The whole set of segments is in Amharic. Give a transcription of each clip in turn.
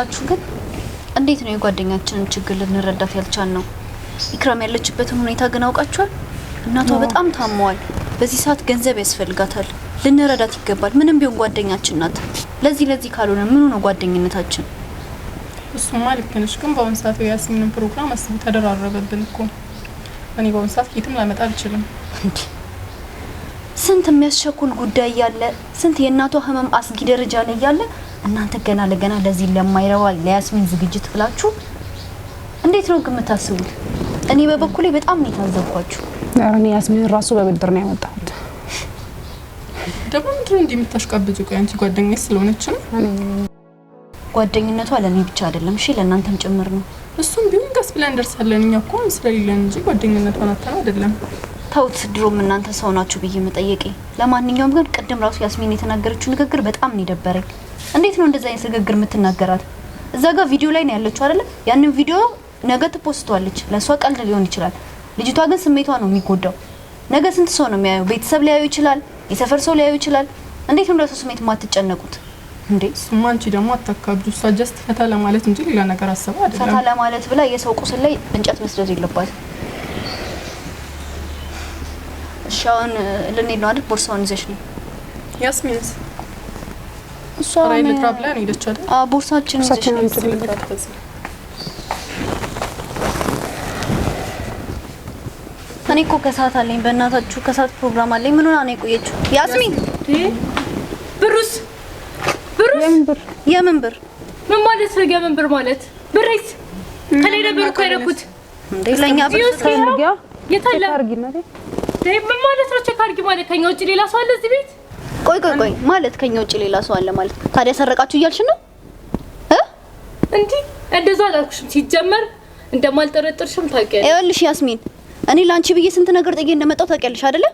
በብልጣችሁ ግን እንዴት ነው የጓደኛችንን ችግር ልንረዳት ያልቻል ነው? ኢክራም ያለችበትን ሁኔታ ግን አውቃችኋል። እናቷ በጣም ታመዋል። በዚህ ሰዓት ገንዘብ ያስፈልጋታል። ልንረዳት ይገባል። ምንም ቢሆን ጓደኛችን ናት። ለዚህ ለዚህ ካልሆነ ምኑ ነው ጓደኝነታችን? እሱማ ልክ ነሽ፣ ግን በአሁኑ ሰዓት የያስሚንን ፕሮግራም አስቡ ተደራረበብን እኮ እኔ በአሁኑ ሰዓት የትም ላመጣ አልችልም። ስንት የሚያስቸኩል ጉዳይ ያለ ስንት የእናቷ ህመም አስጊ ደረጃ ላይ ያለ እናንተ ገና ለገና ለዚህ ለማይረባ ለያስሚን ዝግጅት ብላችሁ እንዴት ነው ግን የምታስቡት? እኔ በበኩሌ በጣም ነው የታዘብኳችሁ። እኔ ያስሚን ራሱ በብድር ነው ያመጣሁት። ደግሞ ምንድን ነው እንዲህ የምታሽቃብጡ? ቆይ አንቺ ጓደኛ ስለሆነች ነው። ጓደኝነቷ ለእኔ ብቻ አይደለም፣ እሺ ለእናንተም ጭምር ነው። እሱም ቢሆን ቀስ ብለን እንደርሳለን። እኛ እኮ ስለሌለን እንጂ ጓደኝነቷን አታና አይደለም። ተውት፣ ድሮም እናንተ ሰው ናችሁ ብዬ መጠየቄ። ለማንኛውም ግን ቅድም ራሱ ያስሚን የተናገረችው ንግግር በጣም ነው የደበረኝ። እንዴት ነው እንደዛ አይነት ንግግር የምትናገራት? እዛ ጋር ቪዲዮ ላይ ነው ያለችው አይደለ? ያንን ቪዲዮ ነገ ትፖስተዋለች። ለእሷ ቀልድ ሊሆን ይችላል። ልጅቷ ግን ስሜቷ ነው የሚጎዳው። ነገ ስንት ሰው ነው የሚያየው? ቤተሰብ ሊያዩ ይችላል፣ የሰፈር ሰው ሊያዩ ይችላል። እንዴት ነው ለሰው ስሜት የማትጨነቁት? እንዴ ስማንቺ ደግሞ አታካብዱ። እሷ ጀስት ፈታ ለማለት እንጂ ሌላ ነገር አሰባ አይደለም። ፈታ ለማለት ብላ የሰው ቁስል ላይ እንጨት መስደድ የለባትም። እሺ አሁን ልንሄድ ነው አይደል? ቦርሳውን ይዘሽ ነው ያስሚንስ ቦርሳችን እኔ እኮ ከሰዓት አለኝ። በእናታችሁ ከሰዓት ፕሮግራም አለኝ። ምን ሆና ነው የቆየችው? ያስሚን ብሩስ ብሩስ የምን ብር ምን ማለት ነው? የምን ብር ማለት ብሬት ከላይ ነበር እኮ ያደረኩት ለኛ ብር ስለኛ የታለ ምን ማለት ነው? ቼክ አድርጊ ማለት ከኛ ውጭ ሌላ ሰው አለ እዚህ ቤት ቆይ ቆይ ቆይ ማለት ከኛ ውጭ ሌላ ሰው አለ ማለት ታዲያ ሰረቃችሁ እያልሽ ነው እ እንዴ እንደዛ አላልኩሽም። ሲጀመር እንደማልጠረጥርሽም ታውቂያለሽ። ይኸውልሽ ያስሚን፣ እኔ ላንቺ ብዬ ስንት ነገር ጥዬ እንደመጣው ታውቂያለሽ አይደለ?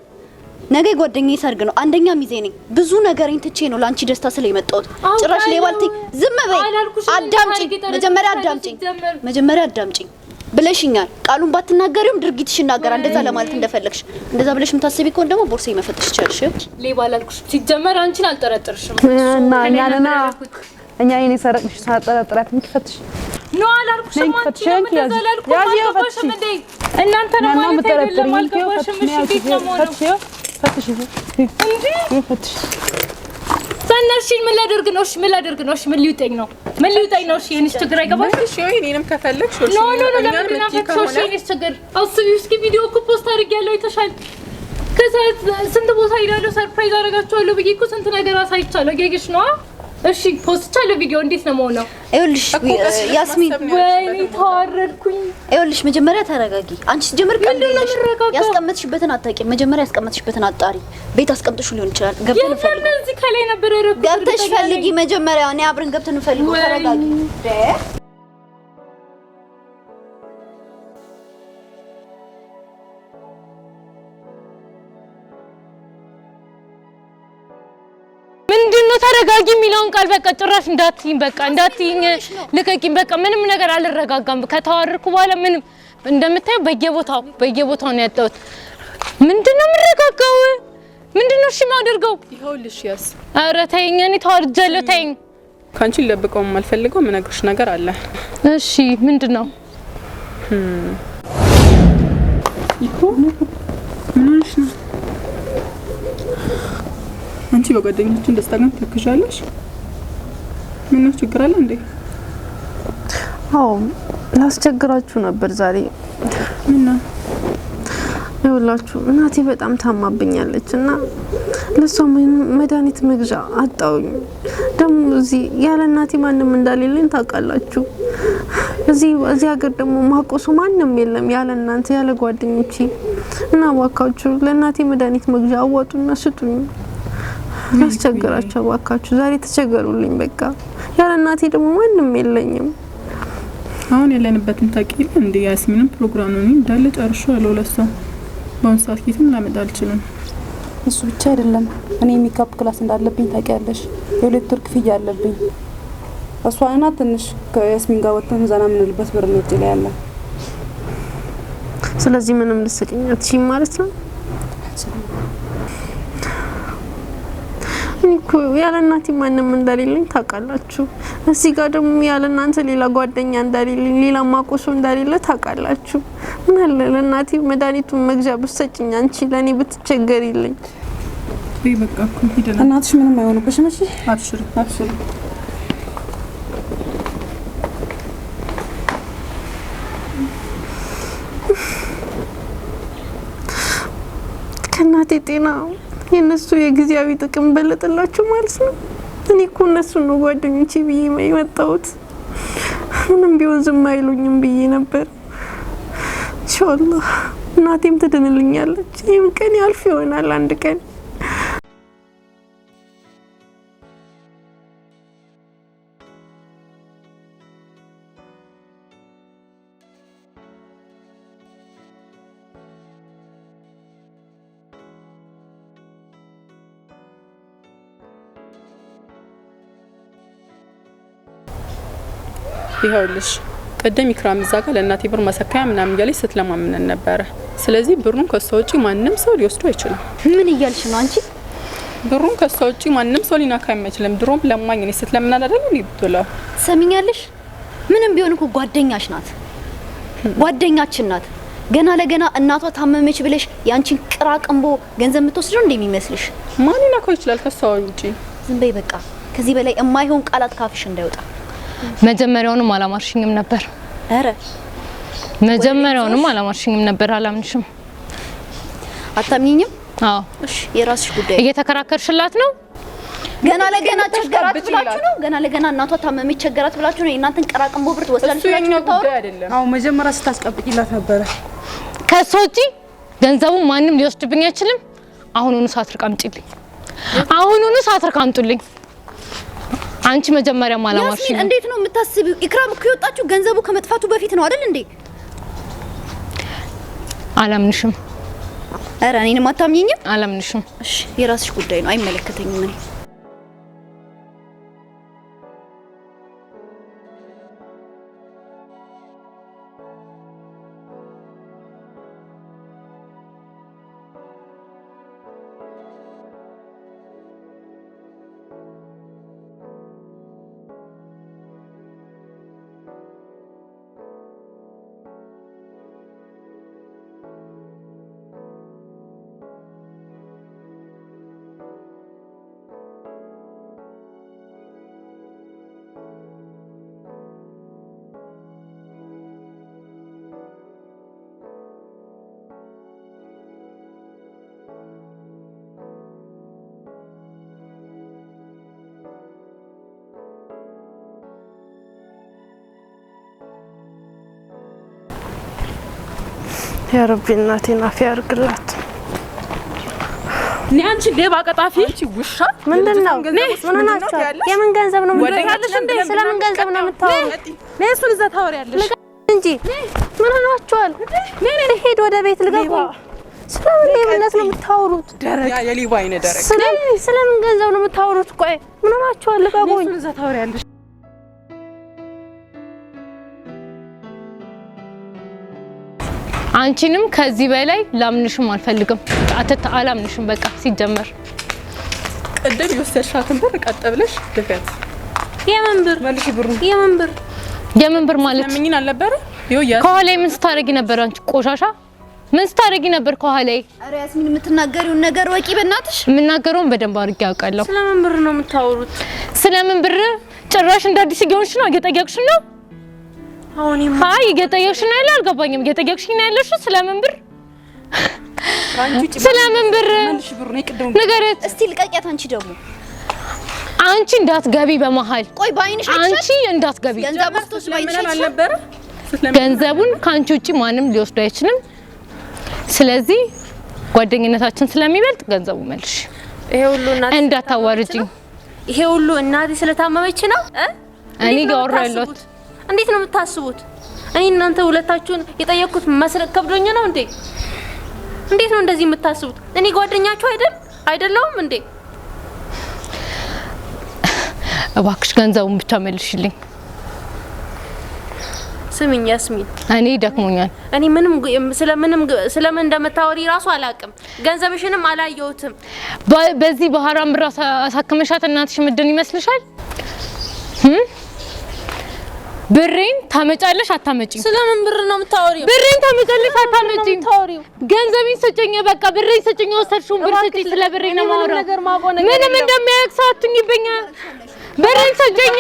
ነገ ጓደኛዬ ሰርግ ነው። አንደኛ ሚዜ ነኝ። ብዙ ነገሬን ትቼ ነው ላንቺ ደስታ ስለ የመጣሁት። ጭራሽ ሌባ ዝም በይ፣ አዳምጪኝ መጀመሪያ፣ አዳምጪኝ መጀመሪያ፣ አዳምጪኝ ብለሽኛል። ቃሉን ባትናገሪውም ድርጊትሽ ይናገራል። እንደዛ ለማለት እንደፈለግሽ እንደዛ ብለሽ የምታስቢ ከሆነ ደግሞ ቦርሳ ይመፈጥሽ ይቻልሽ። ሌባ አላልኩሽ። ሲጀመር አንቺን አልጠረጥርሽም እና እኛንና እኛ የኔ ሰረቅሽ ሳጠረጥራት ምክፈትሽ ኖ አላልኩሽ እናንተ ነው ማለት በእናትሽ ምን ላደርግ ነው? እሺ ምን ላደርግ ነው? እሺ ምን ሊውጠኝ ነው? ምን ሊውጠኝ ነው? እሺ የእኔስ ችግር አይገባሽም። እሺ ወይ እኔንም ከፈለግሽ እሺ። ኖ ኖ ኖ፣ ለምንድን ነው እሺ የእኔስ ችግር አስቢ። እስኪ ቪዲዮ እኮ ፖስት አድርጌያለሁ፣ አይተሻል። ከዛ ስንት ቦታ ሄዳለሁ፣ ሰርፕራይዝ አደርጋቸዋለሁ ብዬሽ እኮ ስንት ነገር አሳይቻለሁ። ጌግሽ ነዋ እሺ ፖስትቻለሁ ቪዲዮ። እንዴት ነው መሆነው? ይኸውልሽ ያስሚን፣ ወይኔ ታወረድኩኝ። ይኸውልሽ መጀመሪያ ተረጋጊ። አንቺ ጀምር ቀን ያስቀመጥሽበትን አታውቂም። መጀመሪያ ያስቀመጥሽበትን አጣሪ። ቤት አስቀምጥሽ ሊሆን ይችላል። ገብተን እንፈልግ። ገብተሽ ፈልጊ መጀመሪያ። እኔ አብረን ገብተን እንፈልግ። ተረጋጊ ያውን ቃል በቃ ጭራሽ እንዳትይኝ፣ በቃ እንዳትይኝ፣ ልቀቂኝ፣ በቃ ምንም ነገር አልረጋጋም። ከተዋረድኩ በኋላ ምንም እንደምታየው በየቦታው በየቦታው ነው ያጣሁት። ምንድን ነው የምረጋጋው? ምንድን ነው እሺ የማደርገው? ይኸውልሽ፣ ያስ ኧረ ተይኝ፣ እኔ ተዋርጃለሁ፣ ተይኝ። ከአንቺ ልደብቀው የማልፈልገው የምነግርሽ ነገር አለ። እሺ፣ ምንድን ነው? አንቺ በጓደኞችን ደስታ ግን ትክሻለሽ። ምን ነው ችግር አለ እንዴ? አዎ ላስቸግራችሁ ነበር ዛሬ። ምን ነው እናቴ በጣም ታማብኛለች እና ለሷ መድኃኒት መግዣ አጣውኝ። ደግሞ እዚህ ያለ እናቴ ማንም እንዳሌለኝ ታውቃላችሁ። እዚህ እዚህ ሀገር ደግሞ ማቆሱ ማንም የለም ያለ እናንተ ያለ ጓደኞቼ እና እባካችሁ ለእናቴ መድኃኒት መግዣ አዋጡና ስጡኝ። ያስቸግራችሁ እባካችሁ። ዛሬ ተቸገሩልኝ በቃ እናቴ ደግሞ ማንም የለኝም። አሁን ያለንበትን ታቂ እንደ ያስሚንም ፕሮግራም ነው እንዳለ ጨርሾ ያለው ለሷ በአሁኑ ሰዓት ኬትም ላመጣ አልችልም። እሱ ብቻ አይደለም እኔ ሜካፕ ክላስ እንዳለብኝ ታውቂያለሽ። የሁለት ወር ክፍያ አለብኝ። እሷና ትንሽ ከያስሚን ጋር ወጥተን ዘና የምንልበት ብር ነው ላይ ያለ። ስለዚህ ምንም ልስቅኝ አትሽኝ ማለት ነው። እኮ ያለ እናቴ ማንም እንደሌለኝ ታውቃላችሁ። እዚህ ጋር ደግሞ ያለ እናንተ ሌላ ጓደኛ እንደሌለኝ፣ ሌላ ማቆሶ እንደሌለ ታውቃላችሁ። ምን አለ ለእናቴ መድኃኒቱን መግዣ ብትሰጭኝ፣ አንቺ ለእኔ ብትቸገሪልኝ። እናትሽ ምንም አይሆኑብሽ። መቼ አብሽሪ፣ አብሽሪ ከእናቴ ጤና የእነሱ የጊዜያዊ ጥቅም በለጠላችሁ ማለት ነው። እኔ እኮ እነሱን ነው ጓደኞቼ ብዬ የመጣሁት። ምንም ቢሆን ዝም አይሉኝም ብዬ ነበር። ኢንሻአላህ እናቴም ትድንልኛለች። ይህም ቀን ያልፍ ይሆናል አንድ ቀን ይኸውልሽ ቀደም ይክራም እዛ ጋር ለእናቴ ብር ማሰካያ ምናምን እያለች ስትለማምነን ነበረ። ስለዚህ ብሩን ከሷ ውጪ ማንም ሰው ሊወስዱ አይችልም። ምን እያልሽ ነው አንቺ? ብሩን ከሷ ውጪ ማንም ሰው ሊናካ አይችልም። ድሮም ለማኝ እኔ ስትለምና አይደል እንዴ ብትላ ሰሚኛለሽ። ምንም ቢሆን እኮ ጓደኛሽ ናት፣ ጓደኛችን ናት። ገና ለገና እናቷ ታመመች ብለሽ ያንቺን ቅራቅንቦ ገንዘብ የምትወስደው እንደ የሚመስልሽ ማን ሊናካው ይችላል ከሷ ውጪ? ዝም በይ በቃ። ከዚህ በላይ የማይሆን ቃላት ካፍሽ እንዳይወጣ መጀመሪያውንም አላማርሽኝም ነበር። አረ መጀመሪያውንም አላማርሽኝም ነበር። አላምንሽም። አታምኝኝም? አዎ። እሺ፣ የራስሽ ጉዳይ። እየተከራከርሽላት ነው። ገና ለገና ቸገራት ብላችሁ ነው። ገና ለገና እናቷ ታመመች ቸገራት ብላችሁ ነው። እናንተን ቀራቅንቦ ብር ትወስዳለች ብላችሁ ታወሩ። አዎ፣ መጀመሪያ ስታስቀብቂላት ነበረ። ከእሷ ውጪ ገንዘቡ ማንም ሊወስድብኝ አይችልም። አሁኑኑ ሳትርቅ አምጪልኝ። አሁኑኑ ሳትርቅ አምጡልኝ። አንቺ መጀመሪያ ማላማሽ ነው። እንዴት ነው የምታስቢው? ኢክራም እኮ የወጣችሁ ገንዘቡ ከመጥፋቱ በፊት ነው አይደል እንዴ? አላምንሽም። ኧረ እኔንም አላምንሽም። እሺ የራስሽ ጉዳይ ነው፣ አይመለከተኝም እኔ ያረቢ እናቴን አፍ ያርግላት። እኔ አንቺ ሌባ ቀጣፊ ውሻ ምንድን ነው? ምን ናቸው? የምን ገንዘብ ነው? እንደ ስለምን ገንዘብ ነው የምታወሪው? እሱን እዛ ታወሪያለሽ እንጂ ምን ሆናችኋል? ሄድ ወደ ቤት ልገባ ስለምን ሌብነት ነው የምታወሩት? ስለምን ገንዘብ ነው የምታወሩት? ቆይ ምን ሆናችኋል? ልቀቁኝ። አንቺንም ከዚህ በላይ ላምንሽም አልፈልግም። አትታ አላምንሽም። በቃ ሲጀመር ቀደም የወሰድሻትን ብር ቀጥ ብለሽ ልፊያት። የምን ብር መልሽ? ብሩ የምን ብር? የምን ብር ማለት ምንኝ አልነበረ? ከኋላ ምን ስታረጊ ነበር? አንቺ ቆሻሻ ምን ስታደርጊ ነበር ከኋላ? አረ ያስሚን የምትናገሪውን ነገር ወቂ በእናትሽ። የምናገረውን በደንብ አድርጌ አውቃለሁ። ስለምን ብር ነው የምታወሩት? ስለምን ብር ጭራሽ እንደ አዲስ ጊዮንሽ ነው፣ እየጠየቅሽ ነው አይ እየጠየቅሽ ነው ያለ አልገባኝም። እየጠየቅሽኝ ነው ያለሽ ስለምን ብር ስለምን ብር ንገረት እስቲ ልቀቂያት። አንቺ ደግሞ አንቺ እንዳትገቢ በመሀል ቆይ፣ ባይንሽ አንቺ እንዳትገቢ። ገንዘቡን ከአንቺ ውጪ ማንም ሊወስዱ አይችልም። ስለዚህ ጓደኝነታችን ስለሚበልጥ ገንዘቡ መልሽ። ይሄ ሁሉ እናቴ እንዳታዋርጅኝ። ይሄ ሁሉ እናቴ ስለታመመች ነው እኔ እያወራሁ እንዴት ነው የምታስቡት? እኔ እናንተ ሁለታችሁን የጠየቅኩት መስረቅ ከብዶኝ ነው እንዴ? እንዴት ነው እንደዚህ የምታስቡት? እኔ ጓደኛችሁ አይደል አይደለሁም እንዴ? እባክሽ ገንዘቡን ብቻ መልሽልኝ። ስሚኝ ያስሚን፣ እኔ ደክሞኛል። እኔ ምንም ስለምንም ስለምን እንደምታወሪ ራሱ አላቅም። ገንዘብሽንም አላየሁትም። በዚህ ባህራም ብር አሳክመሻት እናትሽ ምድን ይመስልሻል? ብሬን ታመጫለሽ አታመጪም? ስለምን ብር ነው የምታወሪው? ብሬን ታመጫለሽ አታመጪም? ገንዘቤን ስጭኝ፣ በቃ ብሬን ስጭኝ፣ የወሰድሽውን ብር ስጭኝ። ስለ ብሬ ነው የማወራው። ምንም እንደሚያውቅ ሰው አትሁኝብኝ። ብሬን ስጭኝ፣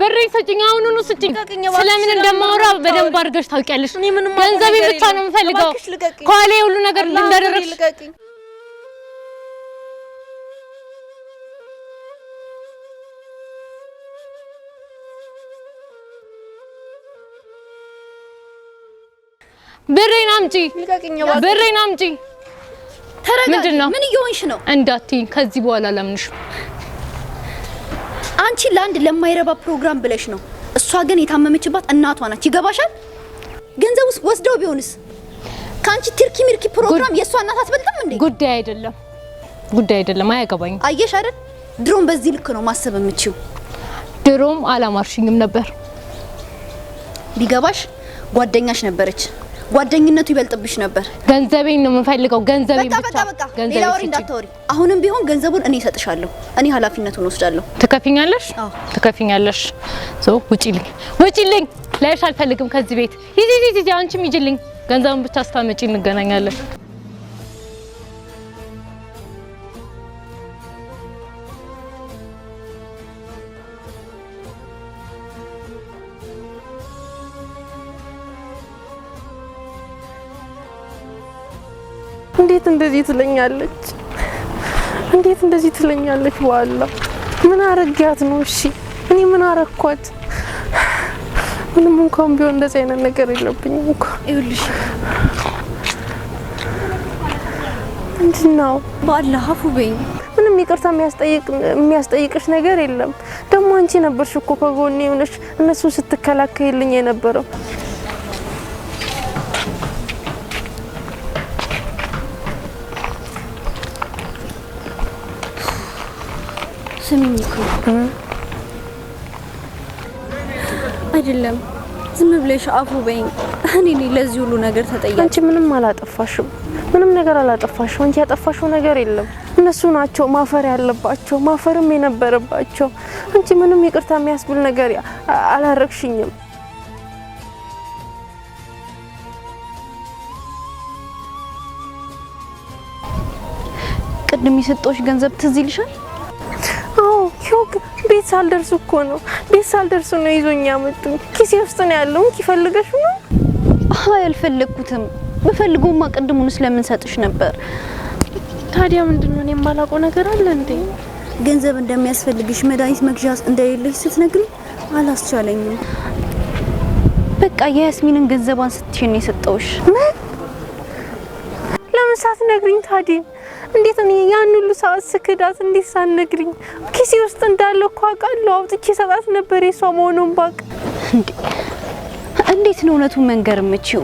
ብሬን ስጭኝ፣ አሁኑኑ ስጭኝ። ስለምን እንደማወራው በደንብ አድርገሽ ታውቂያለሽ። ገንዘቤን ብቻ ነው የምፈልገው። ከኋላ የሁሉ ነገር እንዳደረግሽ ብሬን አምጪ፣ ብሬን አምጪ። ምንድን ነው? ምን እየሆንሽ ነው? እንዳትይኝ ከዚህ በኋላ አላምንሽም። አንቺ ለአንድ ለማይረባ ፕሮግራም ብለሽ ነው። እሷ ግን የታመመችባት እናቷ ናት። ይገባሻል? ገንዘብ ውስጥ ወስደው ቢሆንስ? ከአንቺ ትርኪ ምርኪ ፕሮግራም የእሷ እናት አትበልጥም እንዴ? ጉዳይ አይደለም፣ ጉዳይ አይደለም። አያገባኝም። አየሽ አይደል? ድሮም በዚህ ልክ ነው ማሰብ የምችው። ድሮም አላማርሽኝም ነበር። ቢገባሽ ጓደኛሽ ነበረች ጓደኝነቱ ይበልጥብሽ ነበር። ገንዘቤን ነው የምፈልገው፣ ገንዘቤን ብቻ። በቃ በቃ በቃ፣ ሌላ ወሬ እንዳታወሪ። አሁንም ቢሆን ገንዘቡን እኔ እሰጥሻለሁ። እኔ ኃላፊነቱን ወስዳለሁ። አዎ ትከፊኛለሽ። ሶ ውጪልኝ፣ ውጪልኝ፣ ላይሽ አልፈልግም ከዚህ ቤት። ይዚ ይዚ ይዚ፣ አንቺም ገንዘቡን ብቻ ስታመጪ እንገናኛለን። እንዴት እንደዚህ ትለኛለች? እንዴት እንደዚህ ትለኛለች? ዋላ ምን አረጋት ነው? እሺ እኔ ምን አረኳት? ምንም እንኳን ቢሆን እንደዚህ አይነት ነገር የለብኝም እኮ ይኸውልሽ፣ ምንድን ነው በአላህ አፉ በይኝ። ምንም ይቅርታ የሚያስጠይቅሽ ነገር የለም። ደግሞ አንቺ ነበርሽ እኮ ከጎኔ ሆነሽ እነሱን ስትከላከይልኝ የነበረው አትሰሚኝ እኮ አይደለም። ዝም ብለሽ አፉ በይኝ። እኔ ለዚህ ሁሉ ነገር ተጠያቂ አንቺ። ምንም አላጠፋሽም፣ ምንም ነገር አላጠፋሽም። አንቺ ያጠፋሽው ነገር የለም። እነሱ ናቸው ማፈር ያለባቸው፣ ማፈርም የነበረባቸው። አንቺ ምንም ይቅርታ የሚያስብል ነገር አላረግሽኝም። ቅድም የሰጠሁሽ ገንዘብ ትዝ ይልሻል? ቤት ሳልደርስ እኮ ነው ቤት ሳልደርስ ነው ይዞኛ መጡኝ። ኪሴ ውስጥ ነው ያለው። ይፈልገሽ ነው? አይ አልፈለግኩትም። በፈልጎማ ቅድሙን ስለምን ሰጥሽ ነበር። ታዲያ ምንድን ነው የማላውቀው ነገር አለ እንዴ? ገንዘብ እንደሚያስፈልግሽ መድኃኒት መግዣ እንደሌለሽ ስትነግሪ አላስቻለኝም። በቃ የያስሚንን ገንዘቧን ስትሽ ነው የሰጠውሽ። ምን ለምን ሳትነግሪኝ ታዲያ? እንዴት ነው ያን ሁሉ ሰዓት ስክዳት እንዴት ሳትነግሪኝ? ኪሴ ውስጥ እንዳለ እኮ አውቃለሁ። አውጥቼ ሰጣት ነበር የሷ መሆኑን ባቅ። እንዴት ነው እውነቱን መንገር የምችው?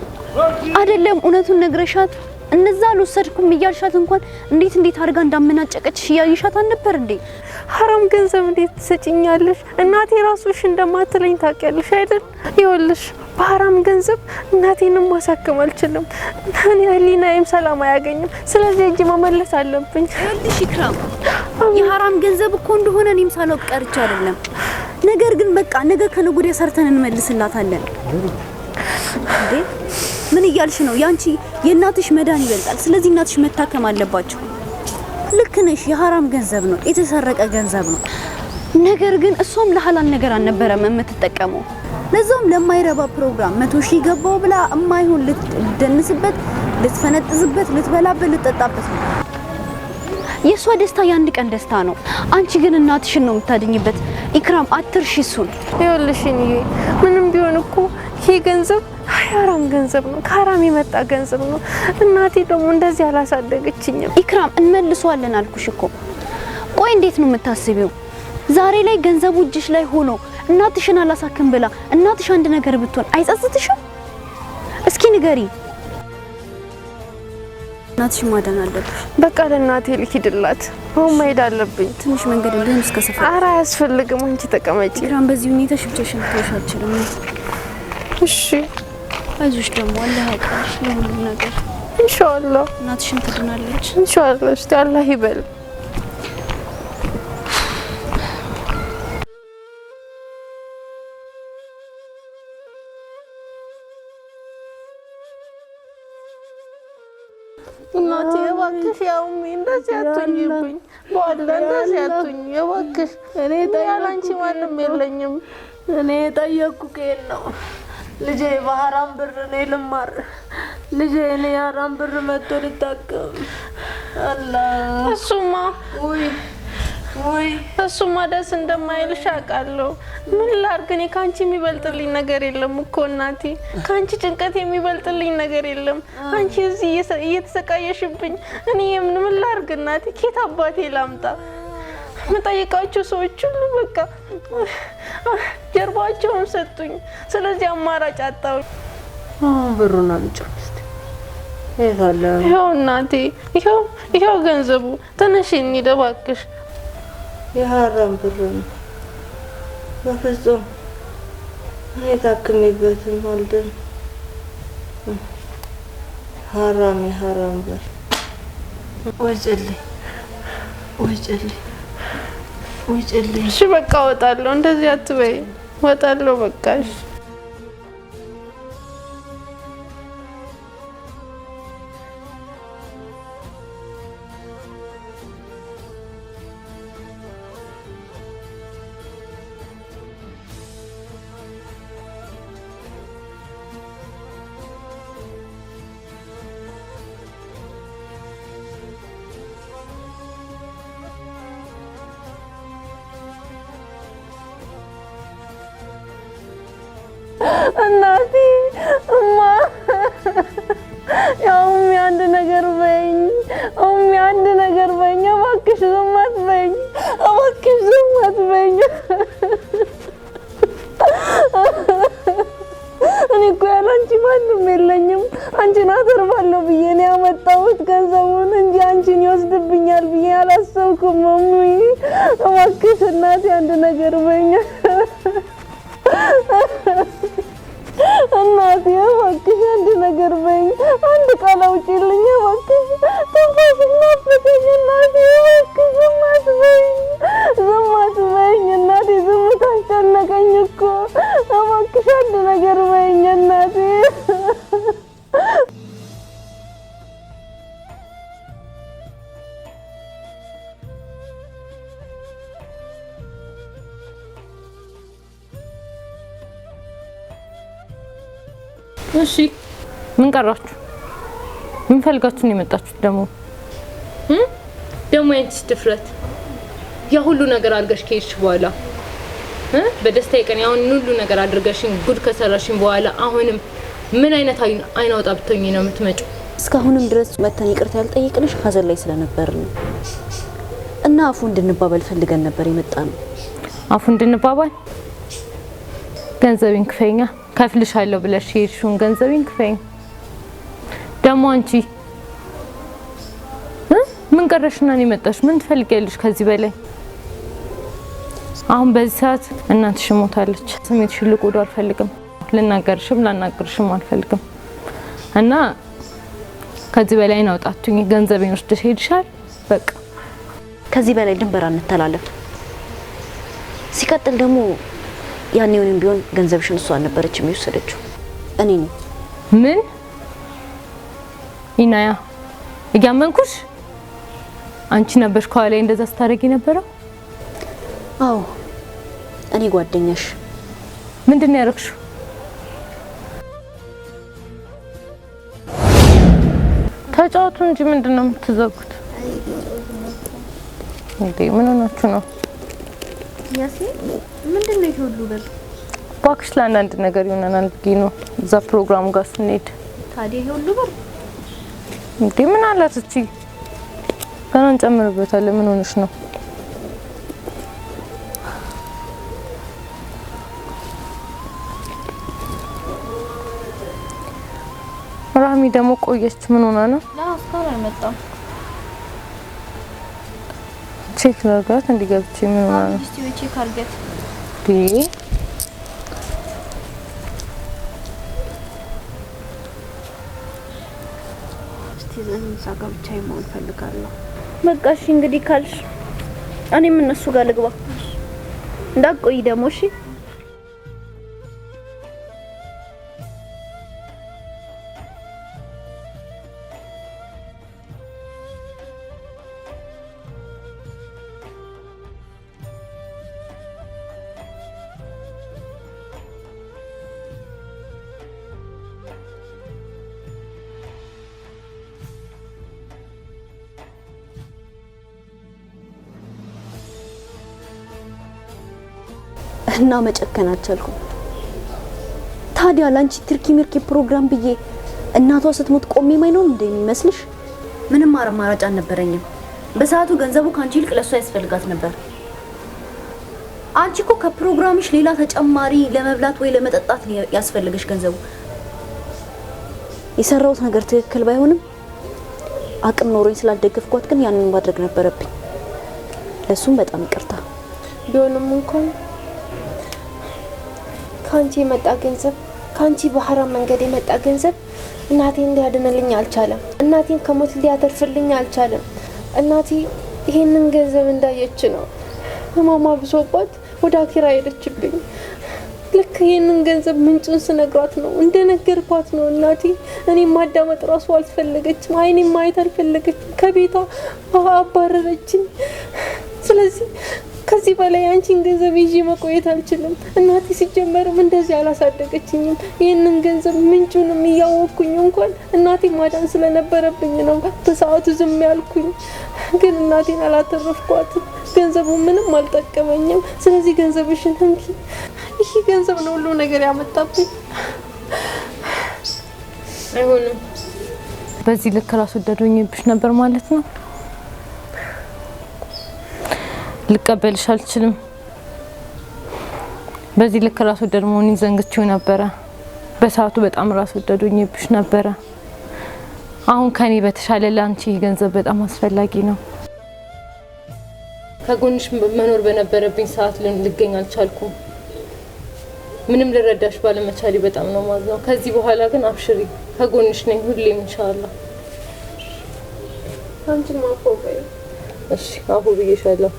አይደለም እውነቱን ነግረሻት እነዛ አልወሰድኩም እያልሻት እንኳን እንዴት እንዴት አድርጋ እንዳመናጨቀችሽ እያየሻት አልነበር እንዴ? ሀራም ገንዘብ እንዴት ትሰጭኛለሽ? እናቴ ራሱሽ እንደማትለኝ ታውቂያለሽ አይደል? ይኸውልሽ በሀራም ገንዘብ እናቴንም ማሳከም አልችልም። እኔ ህሊናዬም ሰላም አያገኝም። ስለዚህ እጅ መመለስ አለብኝ። ይኸውልሽ ኢክራም፣ የሀራም ገንዘብ እኮ እንደሆነ እኔም ሳላውቅ ቀርቼ አይደለም። ነገር ግን በቃ ነገ ከነገ ወዲያ ሰርተን እንመልስላታለን እንዴ ምን እያልሽ ነው? ያንቺ የእናትሽ መዳን ይበልጣል። ስለዚህ እናትሽ መታከም አለባቸው። ልክ ነሽ። የሀራም ገንዘብ ነው፣ የተሰረቀ ገንዘብ ነው። ነገር ግን እሷም ለሀላል ነገር አልነበረም የምትጠቀመው። ለዛውም ለማይረባ ፕሮግራም መቶ ሺህ ገባው ብላ እማይሆን ልትደንስበት፣ ልትፈነጥዝበት፣ ልትበላበት፣ ልትጠጣበት ነው። የእሷ ደስታ የአንድ ቀን ደስታ ነው። አንቺ ግን እናትሽን ነው የምታድኝበት። ኢክራም አትርሺ እሱን። ይኸውልሽ ምንም ቢሆን እኮ ይህ ገንዘብ ሀራም ገንዘብ ነው፣ ከሀራም የመጣ ገንዘብ ነው። እናቴ ደግሞ እንደዚህ አላሳደገችኝም። ኢክራም እንመልሰዋለን አልኩሽ እኮ። ቆይ እንዴት ነው የምታስቢው? ዛሬ ላይ ገንዘቡ እጅሽ ላይ ሆኖ እናትሽን አላሳክም ብላ እናትሽ አንድ ነገር ብትሆን አይጸጽትሽም? እስኪ ንገሪ። እናትሽ ማዳን አለብሽ። በቃ ለእናቴ ልሂድላት። አሁን መሄድ አለብኝ። ትንሽ መንገድ እንደሆነ እስከ ሰፈር። ኧረ አያስፈልግም፣ አንቺ ተቀመጪ። ኢክራም፣ በዚህ ሁኔታ ሽብቻሽን ትወሻ እሺ አይዞሽ ደግሞ አላህ ያውቃልሽ ለሁሉ ነገር ኢንሻአላህ። እናትሽን ትድናለች ኢንሻአላህ። እስቲ አላህ ይበል። እናቴ እባክሽ እንደዚህ አትሁኝብኝ፣ በኋላ እንደዚህ አትሁኝ እባክሽ። እኔ ማንም የለኝም። እኔ የጠየቅኩ ከየት ነው ልጄ በሀራም ብር ነው ልማር ልጄ እኔ የሀራም ብር መጥቶ ልታቀም አላ እሱማ ውይ ውይ እሱማ ደስ እንደማይልሽ አውቃለሁ። ምን ላድርግ እኔ ከአንቺ የሚበልጥልኝ ነገር የለም እኮ እናቴ፣ ከአንቺ ጭንቀት የሚበልጥልኝ ነገር የለም። አንቺ እዚህ እየተሰቃየሽብኝ እኔ የምን ምን ላድርግ እናቴ፣ ኬት አባቴ ላምጣ የምጠይቃቸው ሰዎች ሁሉ በቃ ጀርባቸውን ሰጡኝ። ስለዚህ አማራጭ አጣሁ። ብሩን አምጪው። ይኸው እናቴ፣ ይኸው ይኸው ገንዘቡ። ተነሽ እንሂድ እባክሽ። የሀራም ብር ነው። በፍጹም የታክሜበትም አልደን ሀራም የሀራም ብር ወጭልኝ፣ ወጭልኝ እሺ በቃ ወጣለሁ። እንደዚህ አትበይ። ወጣለሁ በቃ እሺ እናቴ እማ ያው እሚ አንድ ነገር በይኝ፣ እሚ አንድ ነገር በይኝ፣ እባክሽ ዝም አትበይኝ፣ እባክሽ ዝም አትበይኝ። እኔ እኮ ያለ አንቺ ማንም የለኝም። አንቺን አተርፋለሁ ብዬ ነው ያመጣሁት ገንዘቡን እንጂ አንቺን ይወስድብኛል ብዬ አላሰብኩም። እሚ እባክሽ እናቴ አንድ ነገር በይኝ። 妈，别我哥！ፈልጋችሁ ነው የመጣችሁት? ደግሞ ደግሞ ያንቺስ ድፍረት ያ ሁሉ ነገር አድርገሽ ከሄድሽ በኋላ በደስታ ቀን ያሁን ሁሉ ነገር አድርገሽኝ ጉድ ከሰራሽኝ በኋላ አሁንም ምን አይነት አይን አውጣ ብትሆኚ ነው የምትመጪው? እስካሁንም ድረስ መተን ይቅርታ ያልጠየቅንሽ ሀዘን ላይ ስለነበር ነው እና አፉ እንድንባባል ፈልገን ነበር የመጣ ነው። አፉ እንድንባባል ገንዘቤን ክፈኛ ከፍልሻለሁ ብለሽ የሄድሽውን ገንዘቤን ክፈኝ ደግሞ አንቺ ምን ቀረሽና ነው የመጣሽ? ምን ትፈልጊያለሽ ከዚህ በላይ? አሁን በዚህ ሰዓት እናትሽ ሞታለች። ስሜትሽን ልጎዳ አልፈልግም። ልናገርሽም ላናገርሽም አልፈልግም እና ከዚህ በላይ ጣቱኝ። ገንዘቤን ወስደሽ ሄድሻል። በቃ ከዚህ በላይ ድንበር አንተላለፍ። ሲቀጥል ደግሞ ያኔውንም ቢሆን ገንዘብሽን እሷ አልነበረች የሚወሰደችው እኔ ነኝ። ምን ኢናያ እያመንኩሽ አንቺ ነበርሽ ከኋላ እንደዛ ስታደርጊ ነበረው? አዎ እኔ ጓደኛሽ። ምንድን ነው ያደረግሽው? ተጫወቱ እንጂ ምንድን ነው የምትዘጉት? እንዴ ምን ሆናችሁ ነው? ያሲ ምንድን ነው ይሄ ሁሉ በል እባክሽ ለአንዳንድ ነገር ይሆነናል ብዬ ነው እዛ ፕሮግራሙ ጋር ስንሄድ። ታዲያ ይሁሉ በል እንዴ ምን አላት እቺ ገና እንጨምርበታለን። ምን ሆነሽ ነው? ራሚ ደግሞ ቆየች። ምን ሆና ነው? ቼክ ላድርጋት እንዲገብቼ። ምን ሆና ነው? እስቲ እዛ ገብቼ መሆን ፈልጋለሁ። በቃ እሺ እንግዲህ ካልሽ እኔም እነሱ ጋር ልግባ። እንዳትቆይ ደግሞ እሺ። እና መጨከን አልቻልኩም። ታዲያ ላንቺ ትርኪ ምርኪ ፕሮግራም ብዬ እናቷ ስትሞት ቆሜ ማይ ነው እንደሚመስልሽ? ምንም አማራጭ አልነበረኝም። በሰዓቱ ገንዘቡ ከአንቺ ይልቅ ለእሷ ያስፈልጋት ነበር። አንቺ እኮ ከፕሮግራምሽ ሌላ ተጨማሪ ለመብላት ወይ ለመጠጣት ያስፈልገሽ ገንዘቡ። የሰራሁት ነገር ትክክል ባይሆንም አቅም ኖሮኝ ስላልደገፍኳት ግን ያንን ማድረግ ነበረብኝ። ለእሱም በጣም ይቅርታ ቢሆንም እንኳን ከአንቺ የመጣ ገንዘብ ከአንቺ በሐራም መንገድ የመጣ ገንዘብ እናቴን ሊያድንልኝ አልቻለም። እናቴን ከሞት ሊያተርፍልኝ አልቻለም። እናቴ ይሄንን ገንዘብ እንዳየች ነው ህመሟ ብሶባት ወደ አኪራ ሄደችብኝ። ልክ ይህንን ገንዘብ ምንጩን ስነግሯት ነው እንደነገርኳት ነው እናቴ። እኔ ማዳመጥ ራሱ አልፈለገችም። አይኔ ማየት አልፈለገችም። ከቤቷ አባረረችኝ። ስለዚህ ከዚህ በላይ አንቺን ገንዘብ ይዤ መቆየት አልችልም። እናቴ ሲጀመርም እንደዚህ አላሳደገችኝም። ይህንን ገንዘብ ምንጩንም እያወቅኩኝ እንኳን እናቴ ማዳን ስለነበረብኝ ነው በሰዓቱ ዝም ያልኩኝ። ግን እናቴን አላተረፍኳትም። ገንዘቡ ምንም አልጠቀመኝም። ስለዚህ ገንዘብሽን እንኪ፣ ይህ ገንዘብ ነው ሁሉ ነገር ያመጣብኝ። አይሆንም። በዚህ ልክ ራስ ወዳድ ሆኜብሽ ነበር ማለት ነው። ልቀበልሽ አልችልም። በዚህ ልክ ራስ ወደድ መሆኔን ዘንግቼው ነበረ። በሰዓቱ በጣም ራስ ወደድ ሆኜብሽ ነበረ። አሁን ከኔ በተሻለ ለአንቺ ይህ ገንዘብ በጣም አስፈላጊ ነው። ከጎንሽ መኖር በነበረብኝ ሰዓት ልገኝ አልቻልኩም። ምንም ልረዳሽ ባለመቻሌ በጣም ነው ማዝነው። ከዚህ በኋላ ግን አብሽሪ፣ ከጎንሽ ነኝ ሁሌም ኢንሻአላህ። አንቺ ማቆበይ እሺ፣ አሁን ብዬሻለሁ።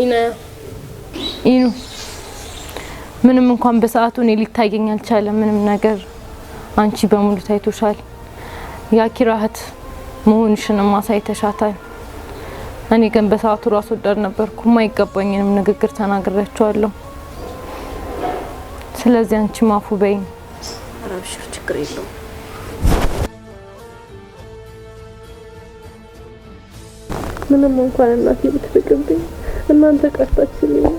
ኢኑ ምንም እንኳን በሰዓቱ እኔ ሊታየኝ አልቻለም። ምንም ነገር አንቺ በሙሉ ታይቶሻል። የአኪራ እህት ማሳይ ተሻታል። እኔ ግን በሰዓቱ ራስ ወዳድ ነበርኩ። የማይገባኝንም ንግግር ተናግሬያቸዋለሁ። ስለዚህ አንቺ ማፉ በይኝ። አረብሽ ችግር የለው ምንም እንኳን እናቴ ብትርቅብኝ እናንተ ቀርታችሁ